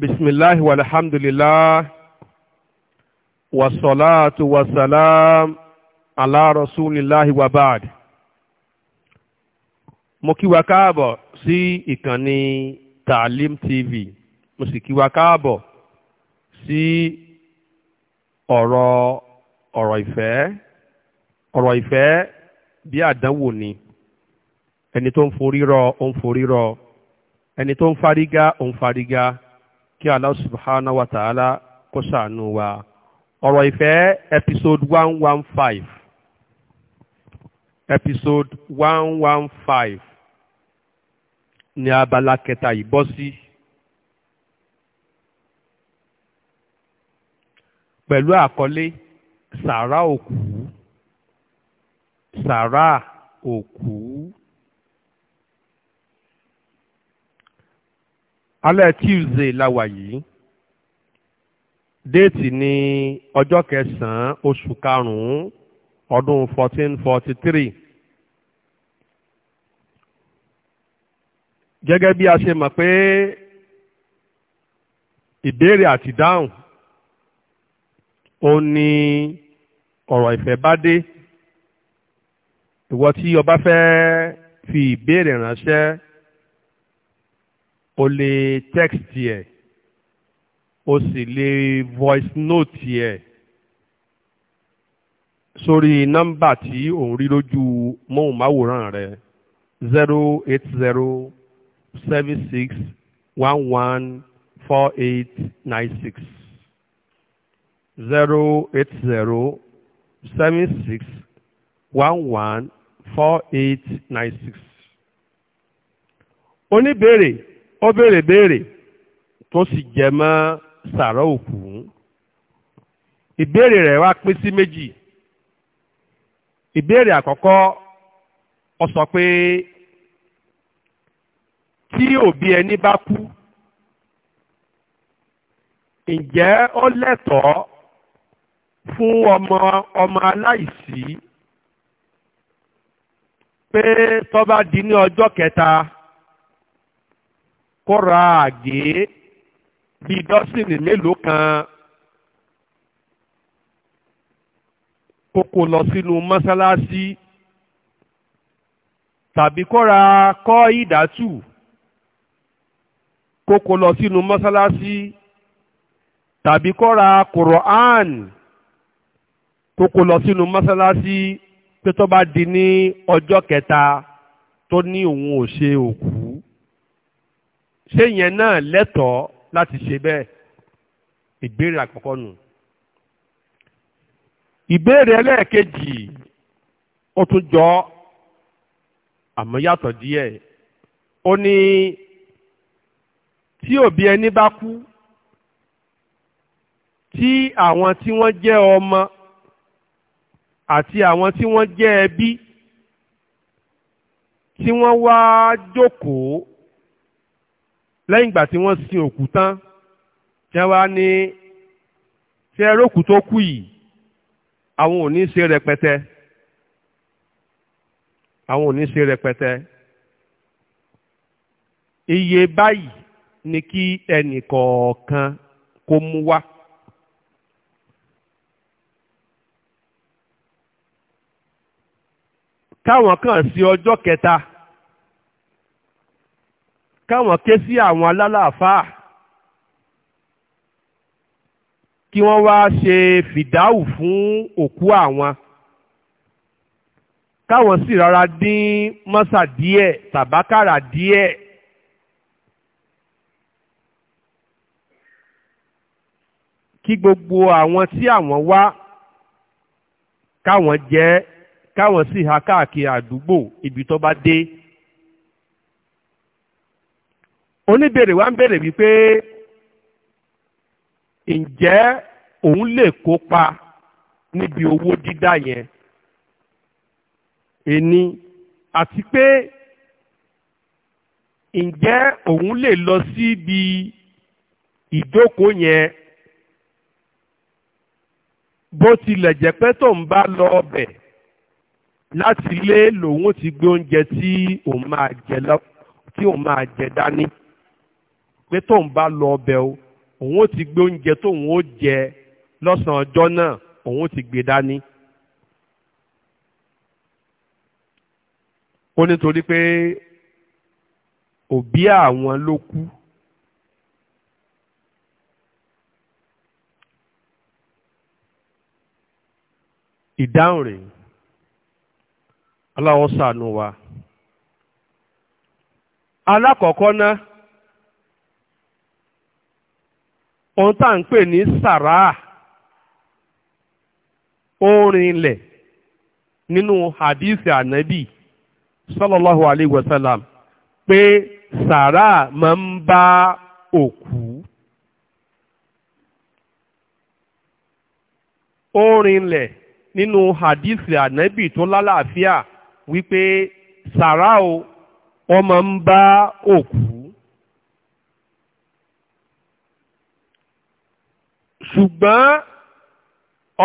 بسم الله والحمد لله والصلاة والسلام على رسول الله وبعد mo kí wa káàbọ̀ sí ìkànnì Taalim TV mo sì kí wa káàbọ̀ sí ọ̀rọ̀ ọ̀rọ̀ ìfẹ́ ọ̀rọ̀ ìfẹ́ bí àdánwò ni ẹni tó ń forí rọ ó ń forí rọ ẹni tó ń farigá ó ń farigá kí Allah subhanahu wa ta'ala kó ṣàánú wa ọ̀rọ̀ ìfẹ́ episode 115. episode 115. one five ní abala kẹta yìí bọ́ sí. pẹ̀lú àkọlé sàrà òkú sàrà òkú. alẹ́ Tuesday la wà yìí déètì ní ọjọ́ kẹsàn-án oṣù karùn-ún ọdún fourteen forty three gẹ́gẹ́ bí a ṣe mọ̀ pé ìbéèrè àti dáhùn ó ní ọ̀rọ̀ ìfẹ́ bá dé ìwọ tí o fẹ́ fi ìbéèrè ránṣẹ́ o lè text ẹ̀ o sì lè voice note ẹ̀ sórí nọ́mbà tí ò ń rí lójú móhùnmáwòrán rẹ̀ zero eight zero seven six one one four eight nine six zero eight zero seven six one one four eight nine six. oníbèrè ó béèrè béèrè tó sì jẹ mọ sàárọ̀ òkú ìbéèrè rẹ̀ wá pín sí méjì ìbéèrè àkọ́kọ́ ọ sọ pé tí òbí ẹni bá kú ǹjẹ́ ó lẹ́tọ̀ọ́ fún ọmọ ọmọ aláìsí pé tó bá di ní ọjọ́ kẹta kó ra àgé bíi dọ́sìnì mélòó kan kókó lọ sínú mọ́sálásí tàbí kó ra kọ́ ìdátù kókó lọ sínú mọ́sálásí tàbí kó ra Quran kókó lọ sínú mọ́sálásí pé tó bá di ní ọjọ́ kẹta tó ní òun ò ṣe òkú ṣé yẹn náà lẹ́tọ̀ọ́ láti ṣe bẹ́ẹ̀ ìbéèrè àkọ́kọ́ nù. ìbéèrè ẹlẹ́ẹ̀kejì ó tún jọ àmọ́ yàtọ̀ díẹ̀ ó ní tí òbí ẹni bá kú tí àwọn tí wọ́n jẹ́ ọmọ àti àwọn tí wọ́n jẹ́ ẹbí tí wọ́n wá jókòó lẹ́yìn ìgbà tí wọ́n sin òkú tán tí wọ́n wá ní tí ẹrókù tó kú yìí àwọn ò ní ṣe rẹpẹtẹ àwọn ò ní ṣe rẹpẹtẹ iye báyìí ni kí ẹnì kọ̀ọ̀kan kó mú wá. táwọn kan sí ọjọ́ kẹta káwọn ké sí àwọn alálàáfáà kí wọ́n wá ṣe fìdáhù fún òkú àwọn káwọn sì rárá dín mọ́sà díẹ̀ tàbákàrà díẹ̀ kí gbogbo àwọn tí àwọn wá káwọn jẹ káwọn sì ha káàkiri àdúgbò ibi tó bá dé oníbèrè wa ń bèrè wípé ǹjẹ́ òun lè kópa níbi owó dídá yẹn ẹni àti pé ǹjẹ́ òun lè lọ síbi ìjókòó yẹn bó tilẹ̀ jẹ́ pé tóun bá lọ ọbẹ̀ láti ilé lòun ti gbé oúnjẹ tí òun máa jẹ dání pé tóun bá lọ ọbẹ̀ o òun ó ti gbé oúnjẹ tóun ó jẹ lọ́sàn-án ọjọ́ náà òun ó ti gbé dání. ó nítorí pé òbí àwọn ló kú. ìdáhùn rẹ̀ aláwọ̀ sànù wa alákọ̀ọ́kọ́ náà ohun tá à ń pè ní sàráà orin ilẹ̀ nínú hadith ànábì sallallahu alayhi wa sallam pé sàráà máa ń bá òkú orin ilẹ̀ nínú hadith ànábì tó lálàáfíà wípé sàráà o máa ń bá òkú ṣùgbọ́n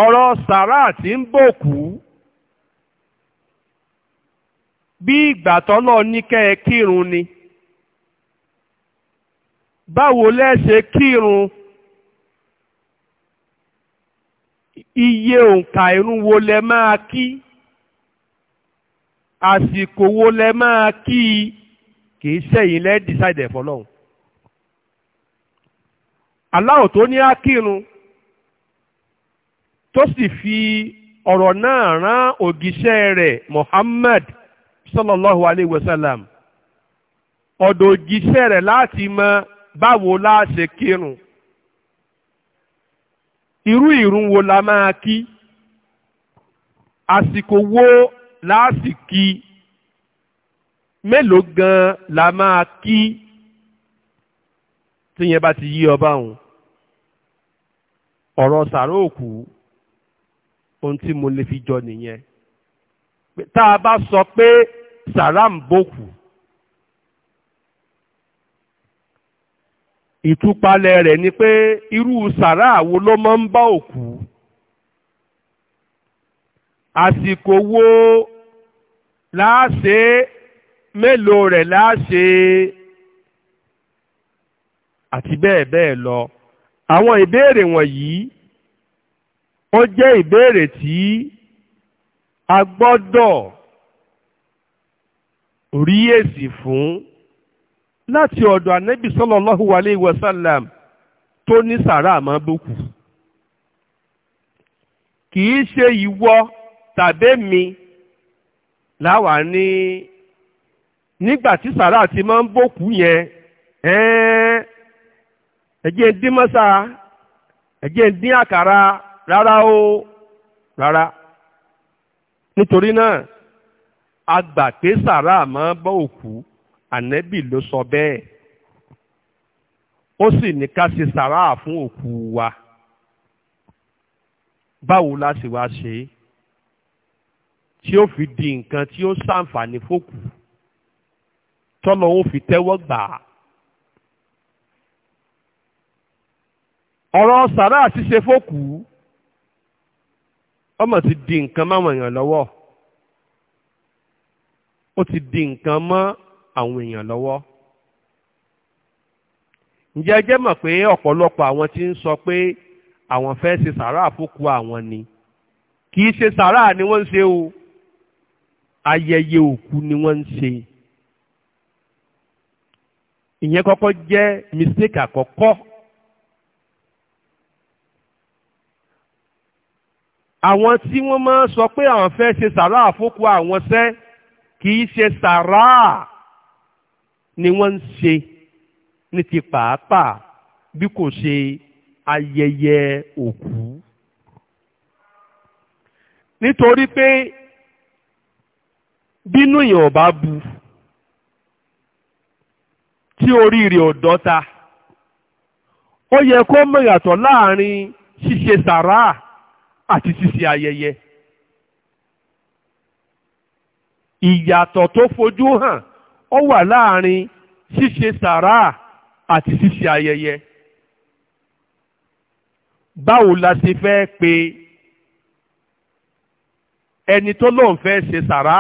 ọ̀rọ̀ sàrà tí ń bòkú bí ìgbà tọ́lọ́ kírun ni báwo kírun iye òǹkà irun wo lẹ máa kí àsìkò wo lẹ máa kí lẹ́ decide aláwọ̀ tó ní á tó sì fi ọ̀rọ̀ náà rán ògìṣẹ́ rẹ̀ Muhammad sallallahu alayhi wa sallam ọ̀dọ̀ ògìṣẹ́ rẹ̀ láti mọ báwo la ṣe kírun irú ìrun wo la máa kí àsìkò wo láàsìkí mélòó gan la máa kí tíyẹn bá ti yí ọba òun ọ̀rọ̀ sàróòkú ohun tí mo lè fi jọ nìyẹn tá a bá sọ pé saram bòkù ìtúpalẹ̀ rẹ̀ ni pé irú sàrá àwo ló máa ń bá òkú àsìkò wo láàṣe mélòó rẹ̀ láàṣe àti bẹ́ẹ̀ bẹ́ẹ̀ lọ àwọn ìbéèrè wọ̀nyí ó jẹ́ ìbéèrè tí a gbọ́dọ̀ rí èsì fún láti ọ̀dọ̀ ànábì sallallahu alayhi wa tó ní sàrà àmọ́ bókù kì mi láwa ní nígbà tí sàrà ti máa ń bókù yẹn ẹ̀ẹ́ ń dín rárá o rárá nítorí náà a gbà pé sàrà máa bọ́ òkú ànẹ́bì ló sọ bẹ́ẹ̀ ó sì ní ká ṣe sàrà fún òkú wa báwo la sì wá ṣe tí ó fi di nǹkan tí ó ṣàǹfààní fòkù tọ́lọ̀ ń fi tẹ́wọ́ gbà á. ọ̀rọ̀ sàrà ṣíṣe fòkù ọmọ ti di nǹkan máwọn èèyàn lọ́wọ́ ó ti di nǹkan mọ́ àwọn èèyàn lọ́wọ́ ǹjẹ́ ẹ jẹ́ mọ̀ pé ọ̀pọ̀lọpọ̀ àwọn tí ń sọ pé àwọn fẹ́ ṣe sàárà fókù àwọn ni kì í ṣe sàárà ni wọ́n ń ṣe o ayẹyẹ òkú ni wọ́n ń ṣe ìyẹn kọ́kọ́ jẹ́ mistake àkọ́kọ́ àwọn tí wọ́n máa sọ pé àwọn fẹ́ ṣe sàrá àfókù àwọn sẹ́ kì í ṣe sàrá ni wọ́n ń ṣe ní ti pàápàá bí kò ṣe ayẹyẹ òkú nítorí pé bínú èèyàn ò bá bu tí oríire ò dọ́ta ó yẹ kó mọ̀ yàtọ̀ láàrin ṣíṣe sàrá àti ṣíṣe ayẹyẹ. ìyàtọ̀ tó fojú hàn ó wà láàrin ṣíṣe sàrà àti ṣíṣe ayẹyẹ. báwo la ṣe fẹ́ pe ẹni tó lóun fẹ́ ṣe sàrà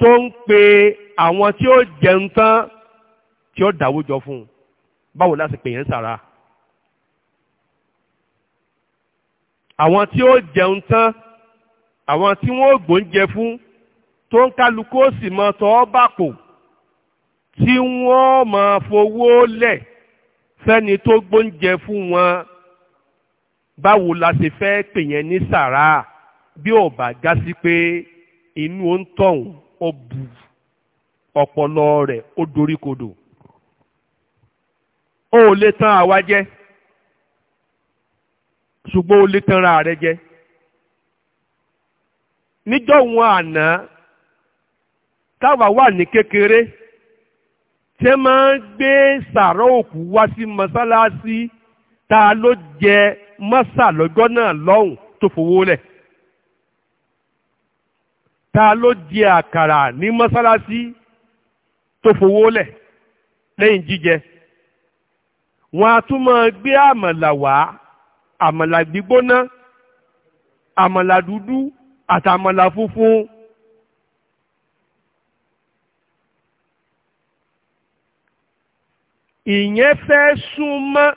tó ń pe àwọn tí ó jẹun tán tí ó dáwó jọ fún un báwo la ṣe pè yẹn sàrà. àwọn tí ó jẹun tán àwọn tí wọ́n gbóúnjẹ fún tó ń kálukú ó sì mọ tọ́ bàpò tí wọ́n máa fowó lẹ̀ fẹ́ni tó gbóúnjẹ fún wọn báwo la ṣe fẹ́ pè yẹn ní sàrà bí ò bá já sí pé inú ó ń tọ̀hún ó bu ọpọlọ rẹ̀ ó doríkodò ó lè tán àwa jẹ́ ṣùgbọ́n o lè tanra rẹ jẹ níjọ́ wọn àná táwa wà ní kékeré ṣé máa ń gbé sàárọ̀ òkú wá sí mọ́sálásí ta ló jẹ mọ́sà lọ́jọ́ náà lọ́hùn tó fowó lẹ̀ ta ló jẹ àkàrà ní mọ́sálásí tó fowó lẹ̀ lẹ́yìn jíjẹ wọn a tún máa gbé àmàlà wá àmàlà gbígbóná àmàlà dúdú àtàmàlà funfun. ìyẹn fẹ́ súnmọ́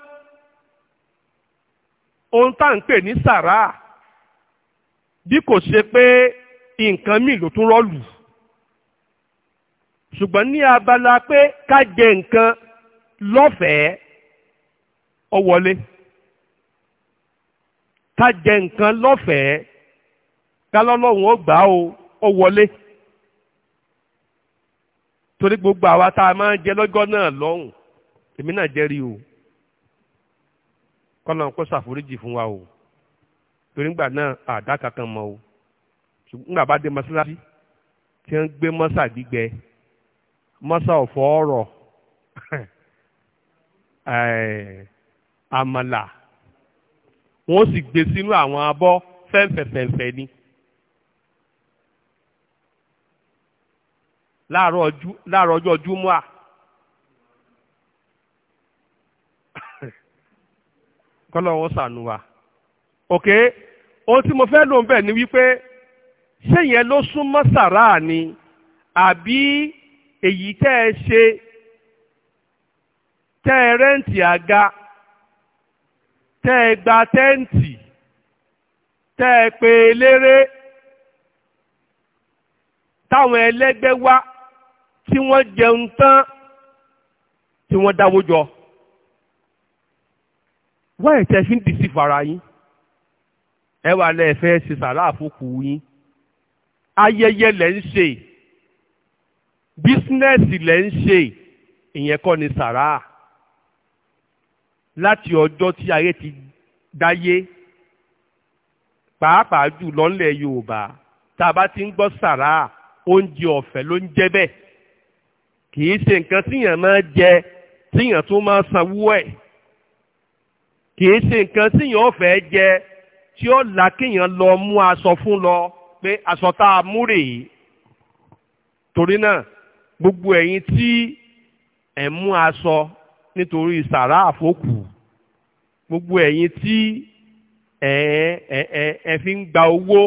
ohun tá à ń pè ní sàrà bí kò ṣe pé nǹkan míì ló tún rọ́ọ̀lù ṣùgbọ́n ní abala pé ká jẹ nǹkan lọ́fẹ̀ẹ́ ọ wọlé. ká jẹ nǹkan lọ́fẹ̀ẹ́ ká ó gbà ó ó wọlé torí gbogbo àwa tá a máa ń jẹ lọ́jọ́ náà lọ́hùn èmi náà jẹ́rìí o kọ́nà kó ṣàforíjì fún wa o torí ngbà náà àdá kankan mọ́ o ngbà bá dé mọ́sálásí tí wọ́n gbé mọ́sà gbígbẹ mọ́sà ọ̀fọ̀ wọ́n sì gbé sínú àwọn abọ́ fẹ́ǹfẹ̀fẹ̀ǹfẹ̀ ni. láàárọ̀ ọjọ́ júmọ́à kọ́lọ́ wọn sànù wa. ok ohun tí mo fẹ́ lò ń bẹ̀ ni wípé ṣé yẹn ló súnmọ́ sàrà ni àbí èyí tẹ́ ẹ ṣe tẹ́ ẹ rẹ́ǹtì àga tẹ́ ẹ gba tẹ́ǹtì tẹ́ ẹ pè eléré táwọn ẹlẹ́gbẹ́ wá tí wọ́n jẹun tán tí wọ́n dáwó jọ wọ́n ẹ̀tẹ́ fi ń dìsí fara yín ẹ wà lẹ́ẹ̀fẹ́ ṣe sàrà àfókù yín ayẹyẹ lẹ́ ń ṣe bísínẹ́sì lẹ́ ń ṣe ìyẹn kọ́ ni sàrà láti ọjọ́ tí ayé ti dáyé pàápàá jù lọ́lẹ̀ yorùbá tá a bá ti ń gbọ́ sàrà oúnjẹ ọ̀fẹ́ ló ń jẹ́ bẹ́ẹ̀ kì í ṣe nǹkan tíyàn máa jẹ tíyàn tún máa sanwó ẹ̀ kì í ṣe nǹkan tíyàn ọ̀fẹ́ jẹ tí ó là kéèyàn lọ mú aṣọ fún lọ pé aṣọ tá a mú rèé torí náà gbogbo ẹ̀yin tí ẹ̀ mú aṣọ nítorí sàrá àfókù gbogbo ẹ̀yin tí ẹ ẹ ẹ ẹ fi ń gba owó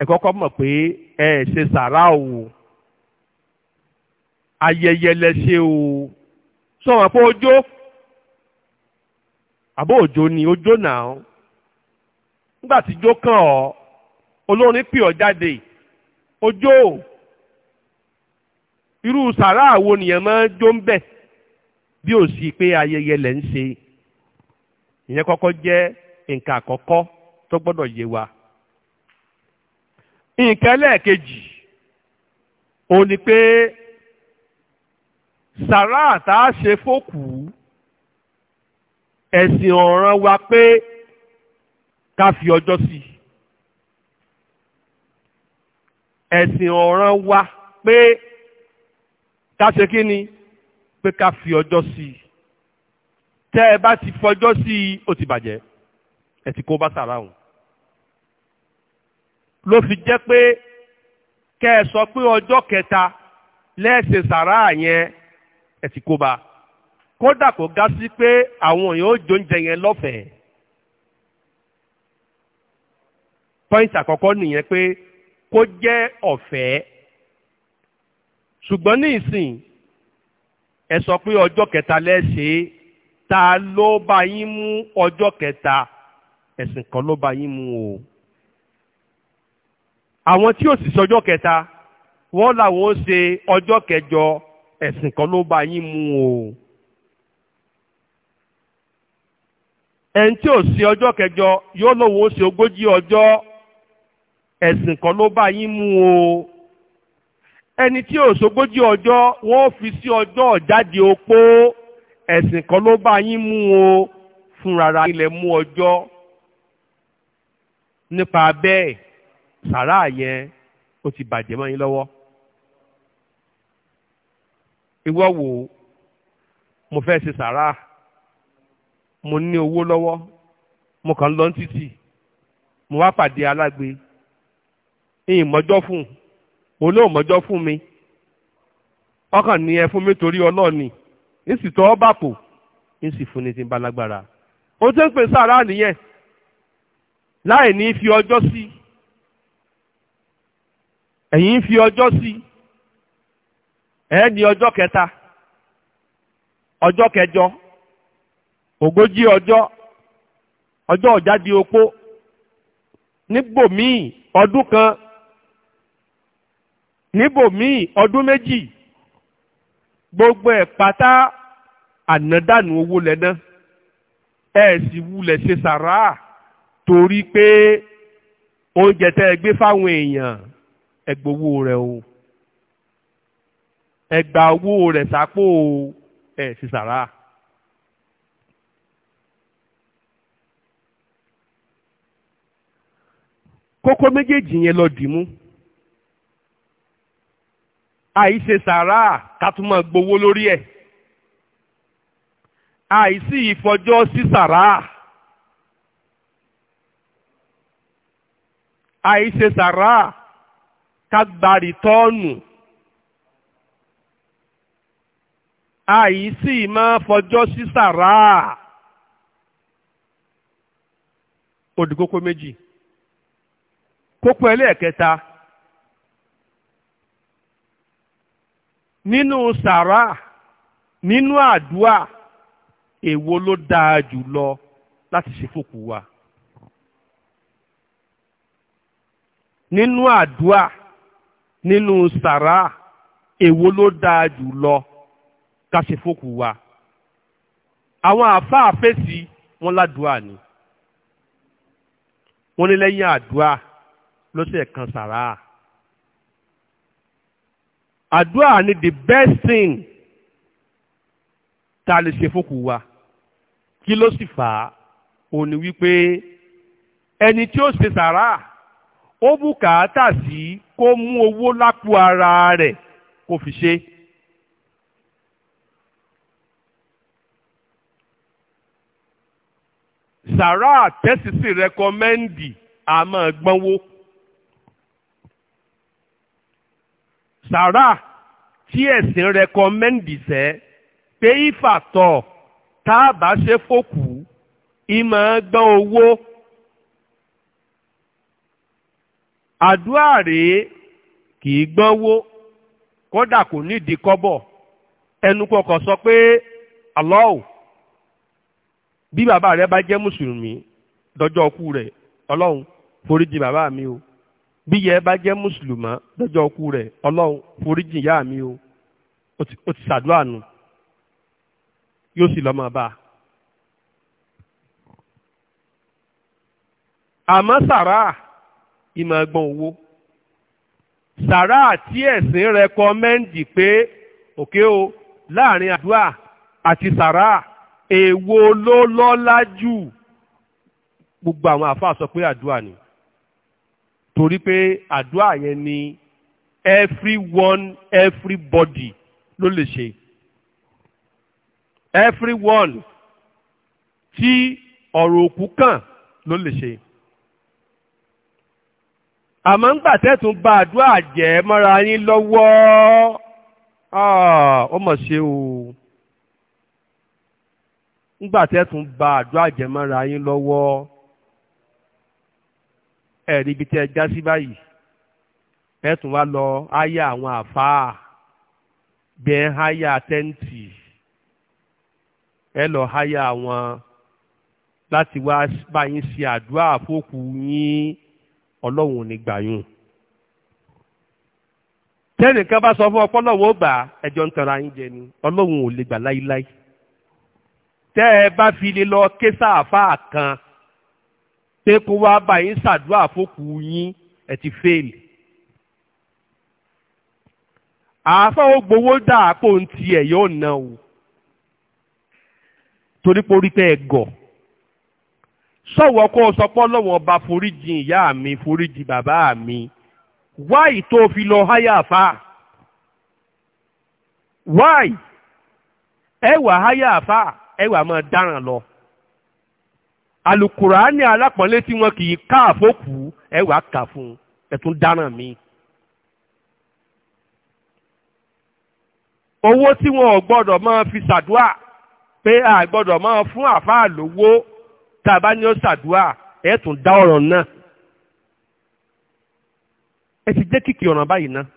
ẹ kọ́kọ́ mọ̀ pé ẹ ṣe sàrá o ayẹyẹ lẹ ṣe o sọ̀rọ̀ pé ojó àbó òjò ni ojó náà nígbà tí jó kàn ọ́ olórin pè ọ́ jáde ojó o irú sàrá àwo nìyẹn máa jó ń bẹ̀ bí ò sí pé ayẹyẹ lẹ̀ ń ṣe ìyẹn kọ́kọ́ jẹ́ nǹkan àkọ́kọ́ tó gbọ́dọ̀ yé wa. nǹkan ẹlẹ́ẹ̀kejì ò ní pé sàrá àtà ṣe fókùú ẹ̀sìn ọ̀ràn wa pé ká fi ọjọ́ sí i. ẹ̀sìn wa pé ká ṣe kí ni pé ká fi ọjọ́ sí i tẹ́ ẹ bá ti fọjọ́ sí i ó ti bàjẹ́ ẹ ti kó bá sàrà òun ló fi jẹ́ pé kẹ́ ẹ sọ pé ọjọ́ kẹta lẹ́ẹ̀ṣẹ̀ sàrà yẹn ẹ ti kó bá kódà kò ga sí pé àwọn èèyàn ó jóúnjẹ yẹn lọ́fẹ̀ẹ́ pọ́ìntì àkọ́kọ́ nìyẹn pé kó jẹ́ ọ̀fẹ́. ṣùgbọ́n ní ìsìn ẹ sọ pé ọjọ́ kẹta lẹ́sẹ̀ ta ló bá yín mú ọjọ́ kẹta ẹ̀sìn ló bá yín o àwọn tí sì kẹta wọ́n làwọn ó ṣe ọjọ́ kẹjọ ẹ̀sìn kan o ẹni tí ọjọ́ kẹjọ yóò lòun ó ṣe ogójì ọjọ́ ẹ̀sìn mú o. ẹni tí ò sógójì ọjọ́ wọ́n fi sí ọjọ́ ọ̀jáde opó ẹ̀sìn kan ló bá yín mú o fúnrara ilẹ̀ mú ọjọ́ nípa bẹ́ẹ̀ sàrá yẹn ó ti bàjẹ́ mọ́ yín lọ́wọ́ ìwọ wò mo fẹ́ ṣe sàrá mo ní owó lọ́wọ́ mo kàn lọ títì mo wá pàdé alágbe ìyìn mọ́jọ́ fún un olóòmọ́jọ́ fún mi ọkàn ní ẹ fún mi torí ọlọ́ọ̀ni ń sì tọ́ ọ́ bàpò fún ni ti ń bá lágbára ó ti ń pè sára nìyẹn láì ní fi ọjọ́ sí ẹ̀yin ń fi ọjọ́ sí ẹ̀ ní ọjọ́ kẹta ọjọ́ kẹjọ ogójì ọjọ́ ọjọ́ ọ̀jáde opó ọdún kan níbòmíì ọdún méjì gbogbo ẹ̀ pátá ànádànù owó lẹ́ná ẹ̀ sì wulẹ̀ ṣe sàrà torí pé oúnjẹ tẹ́ ẹ gbé fáwọn èèyàn ẹ gbowó rẹ̀ o ẹ gba owó rẹ̀ sápò ẹ̀ sì sàrà. kókó méjèèjì yẹn lọ dì mú àìṣe sàrà kátúmọ̀ gbowó lórí ẹ̀ àìsí ìfọjọ́ sí sàrà àìṣe sàrà kágbárì tọ́ọ̀nù àìsí máa fọjọ́ sí sàrà ó di kókó méjì kókó ẹlẹ́ẹ̀kẹta. nínú sàrà nínú àdúà èwo ló dáa jù lọ láti ṣe fòkù wa nínú àdúà nínú sàrà èwo ló dáa jù lọ ká ṣe fòkù wa àwọn àáfàá fèsì wọn ládùúà ni wọ́n ní lẹ́yìn àdúà ló ṣe kan sàrà àdúrà ni the best thing tá a lè ṣe fókù wa kí ló sì fà á òun ni wípé ẹni tí ó ṣe sàrà ó bùkátà sí kó mú owó lápò ara rẹ̀ kó fi ṣe. sàrà tẹ́sísì rẹkọmẹ́ndì àmọ́ gbọ́nwó. sàrà tí ẹ̀sìn rẹkọmẹ́ǹdì sẹ́ pé ìfàtọ̀ tá a bá ṣe fòkù ìmọ̀ gbọ́n owó àdúrà rèé kì í gbọ́nwó kódà kò nídìí kọ́bọ̀ ẹnu kọkọ̀ sọ pé Allahu bí bàbá rẹ bá jẹ́ mùsùlùmí dọjọ́ ọkú rẹ̀ ọlọ́run foríjì bàbá mi o bí yẹ bá jẹ́ mùsùlùmá lọ́jọ́ ọkú rẹ̀ ọlọ́run foríjìn yá mi o ó ti ṣàdúrà nù yóò sì lọ́mọ bá a. àmọ́ sàrà ìmọ̀ ẹ̀gbọ́n owó sàrà tí ẹ̀sìn rẹkọmẹ́ǹdì pé òkè o láàrin àdúrà àti sàrà èwo ló lọ́lá jù gbogbo àwọn àfa sọ pé àdúrà ni torí pé àdúrà yẹn ni everyone everybody ló lè ṣe everyone tí ọ̀rọ̀ òkú kàn ló lè ṣe àmọ́ ń gbàtẹ́tùn bá àdúrà jẹ́ mọ́ra yín lọ́wọ́ ah, ó mọ̀ ṣe o ń gbàtẹ́tùn bá àdúrà jẹ́ mọ́ra yín lọ́wọ́ ẹ̀rí ibi tẹ́ ẹ já sí báyìí ẹ tún wá lọ háyà àwọn àfáà bí ẹ háyà tẹ́ǹtì ẹ lọ háyà àwọn láti wá bá yín ṣe àdúrà fókù yín ọlọ́run ní gbàyún. tẹ́nìkan bá sọ fún ọ pọ́lọ́wọ́ gbà ẹjọ́ ń tanra yín jẹ ni ọlọ́run ò lè gbà láíláí. tẹ́ ẹ bá fi lè lọ késà àfáà kan pé kó wá bá yín ṣàdúrà fókù yín ẹ ti fail. àáfàá ó gbowó dà àpò ntí ẹ̀ yóò ná o torí pé orí pé ẹ gọ̀ sọ̀wọ́ kó o sọpọ́ lọ́wọ́ ọba foríjì ìyá mi foríjì bàbá mi wáì tó fi lọ háyà fáà wáì ẹ wà háyà fáà ẹ wà máa dáràn lọ alukuraani alápọ̀nlé tí wọn kì í ká àfókù ẹ wàá kà fún ẹ tún dáná mi. owó tí wọn ò gbọ́dọ̀ máa fi ṣàdúà pé a gbọ́dọ̀ máa fún àfáà lówó tá a bá ní ó ṣàdúà ẹ tún dá ọ̀ràn náà. ẹ ti jẹ́ kìkì ọ̀ràn báyìí náà.